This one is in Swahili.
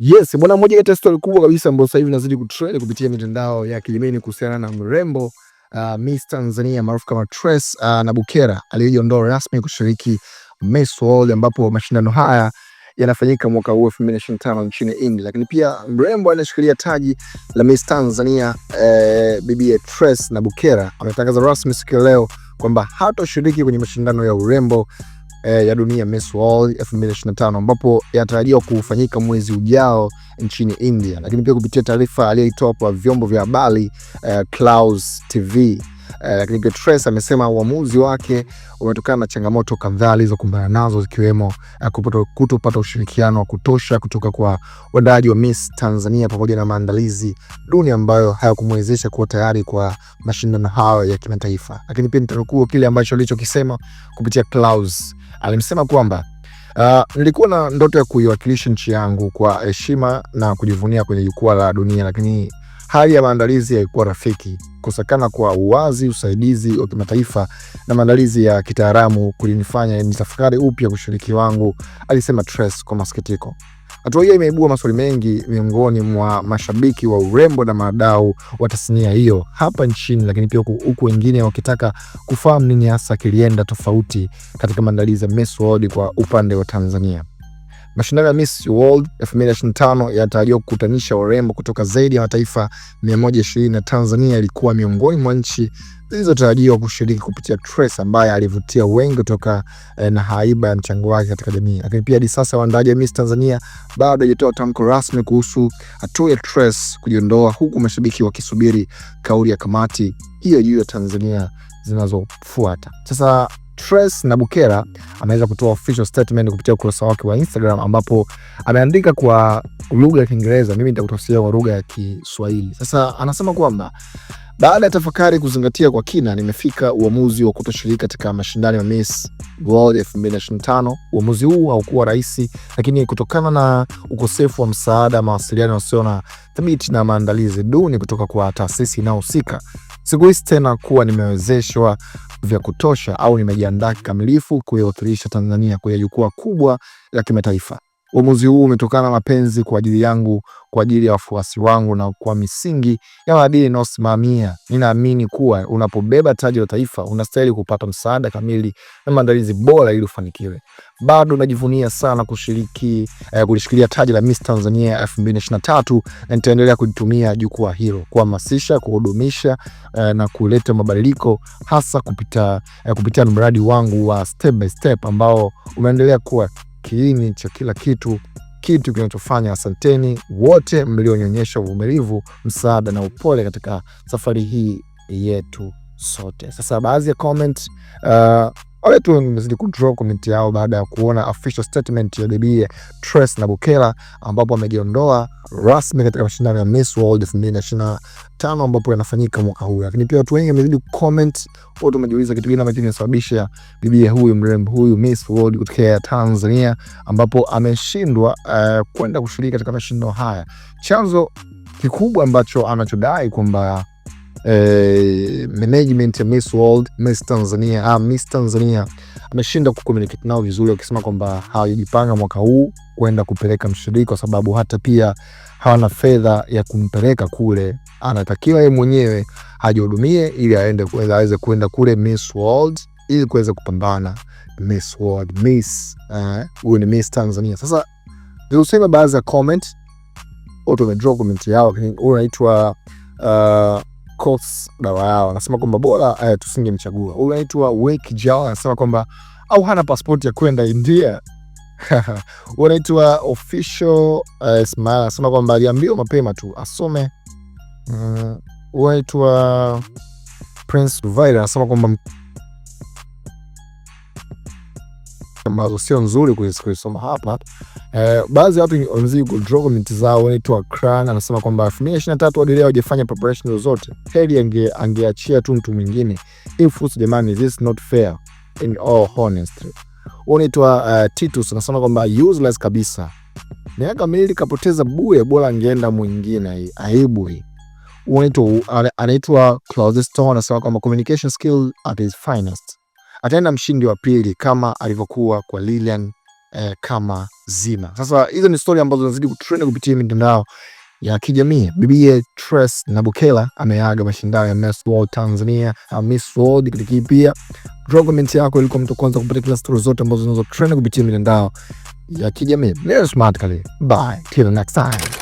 Yes, bwana mmoja kati ya story kubwa kabisa ambayo sasa hivi nazidi kutrend kupitia mitandao ya kijamii kuhusiana na mrembo uh, Miss Tanzania maarufu kama Tres uh, Nabukeera aliyejiondoa rasmi kushiriki Miss World ambapo mashindano haya yanafanyika mwaka huu 2025 nchini England, Lakini pia mrembo anashikilia taji la Miss Tanzania eh, bibi Trace Nabukeera ametangaza rasmi siku leo kwamba hatoshiriki kwenye mashindano ya urembo eh, ya dunia Miss World 2025 ambapo yanatarajiwa kufanyika mwezi ujao nchini India, lakini pia kupitia taarifa aliyoitoa kwa vyombo vya habari eh, Clouds TV Eh, lakini Guterres amesema uamuzi wake umetokana na changamoto kadhaa alizokumbana nazo zikiwemo eh, kutopata ushirikiano wa kutosha kutoka kwa wadaji wa Miss Tanzania pamoja na maandalizi duni ambayo hayakumwezesha kuwa tayari kwa mashindano hayo ya kimataifa. Lakini pia nitanukuu kile ambacho alichokisema kupitia Klaus. Alimsema kwamba Uh, nilikuwa na ndoto ya kuiwakilisha nchi yangu kwa heshima na kujivunia kwenye jukwaa la dunia, lakini hali ya maandalizi haikuwa rafiki. Kukosekana kwa uwazi, usaidizi wa kimataifa na maandalizi ya kitaalamu kulinifanya nitafakari upya kushiriki wangu, alisema Trace kwa masikitiko. Hatua hiyo imeibua maswali mengi miongoni mwa mashabiki wa urembo na madau wa tasnia hiyo hapa nchini, lakini pia huku wengine wakitaka kufahamu nini hasa kilienda tofauti katika maandalizi ya Miss World kwa upande wa Tanzania. Mashindano ya Miss World 2025 yanatarajiwa kukutanisha warembo kutoka zaidi ya mataifa 120 na Tanzania ilikuwa miongoni mwa nchi zilizotarajiwa kushiriki kupitia Trace ambaye alivutia wengi kutoka eh, na haiba ya mchango wake katika jamii. Lakini pia hadi sasa waandaaji wa Miss Tanzania bado hajatoa tamko rasmi kuhusu hatua ya Trace kujiondoa, huku mashabiki wakisubiri kauli ya kamati hiyo juu ya Tanzania zinazofuata sasa. Trace Nabukeera ameweza kutoa official statement kupitia ukurasa wake wa Instagram ambapo ameandika kwa lugha ya Kiingereza, mimi nitakutafsiria kwa lugha ya Kiswahili. Sasa anasema kwamba baada ya tafakari kuzingatia kwa kina, nimefika uamuzi wa kutoshiriki katika mashindano ya Miss World 2025. Uamuzi huu haukuwa rahisi, lakini kutokana na ukosefu wa msaada, mawasiliano yasiyo na thabiti na maandalizi duni kutoka kwa taasisi inayohusika hizi tena kuwa nimewezeshwa vya kutosha au nimejiandaa kikamilifu kuiwakilisha Tanzania kwenye jukwaa kubwa la kimataifa. Uamuzi huu umetokana na penzi kwa ajili yangu, kwa ajili ya wafuasi wangu na kwa misingi ya maadili inayosimamia. Ninaamini kuwa unapobeba taji la taifa unastahili kupata msaada kamili na maandalizi bora ili ufanikiwe. Bado najivunia sana kushiriki eh, kulishikilia taji la Miss Tanzania 2023 na nitaendelea kulitumia jukwaa hilo kuhamasisha, kuhudumisha eh, na kuleta mabadiliko hasa kupita, eh, kupitia mradi wangu wa step by step ambao umeendelea kuwa kiini cha kila kitu, kitu kinachofanya asanteni wote mlionyonyesha uvumilivu, msaada na upole katika safari hii yetu sote. Sasa baadhi ya comment uh, wale tu wamezidi kudraw comment yao baada ya kuona official statement ya bibi Trace na Bukela ambapo amejiondoa rasmi katika mashindano ya Miss World 2025 ambapo yanafanyika mwaka huu. Lakini pia watu wengi wamezidi comment, watu wamejiuliza kitu gani ambacho kinasababisha bibi huyu mrembo huyu Miss World kutoka Tanzania ambapo ameshindwa uh, kwenda kushiriki katika mashindano haya. Chanzo kikubwa ambacho anachodai kwamba eh, management ya Miss World, Miss Tanzania, ah, Miss Tanzania ameshinda kucommunicate nao vizuri, wakisema kwamba hawajipanga mwaka huu kwenda kupeleka mshiriki kwa sababu hata pia hawana fedha ya kumpeleka kule. Anatakiwa yeye mwenyewe ajihudumie ili aende aweze kwenda kule Miss World ili kuweza kupambana Miss World, Miss eh, huyu uh, ni Miss Tanzania. Sasa nilisema baadhi ya comment, watu wamedrop comment yao, lakini huyu anaitwa uh, course dawa yao, anasema kwamba bora eh, tusingemchagua. Huyu anaitwa Wake Jao anasema kwamba au hana pasipoti ya kwenda India. anaitwa official uh, eh, Ismail anasema kwamba aliambiwa mapema tu asome. Mm, anaitwa Prince Ruvaira anasema kwamba ambazo sio nzuri kuisoma hapa. Eh, baadhi ya watu wamezidi kudraw comment zao. Naitwa Kran anasema kwamba 2023 hadi leo hajafanya preparation zozote, heri angeachia tu mtu mwingine. Jamani, this is not fair in all honesty. Unaitwa uh, eh, Titus anasema kwamba useless kabisa, miaka miwili kapoteza bure, bora angeenda mwingine. aibu hii anaitwa Claude anasema kwamba communication skill at its finest ataenda mshindi wa pili kama alivyokuwa kwa Lilian eh, kama Zima. Sasa hizo ni stori ambazo zinazidi kutrend kupitia mitandao ya kijamii. Bibie Trace Nabukela ameaga mashindano ya Miss World Tanzania, ah, Miss World Kidiki. Pia drop comment yako ilikuwa mtu kwanza kupata kila stori zote ambazo zinazotrend kupitia mitandao ya kijamii. Bye, till next time.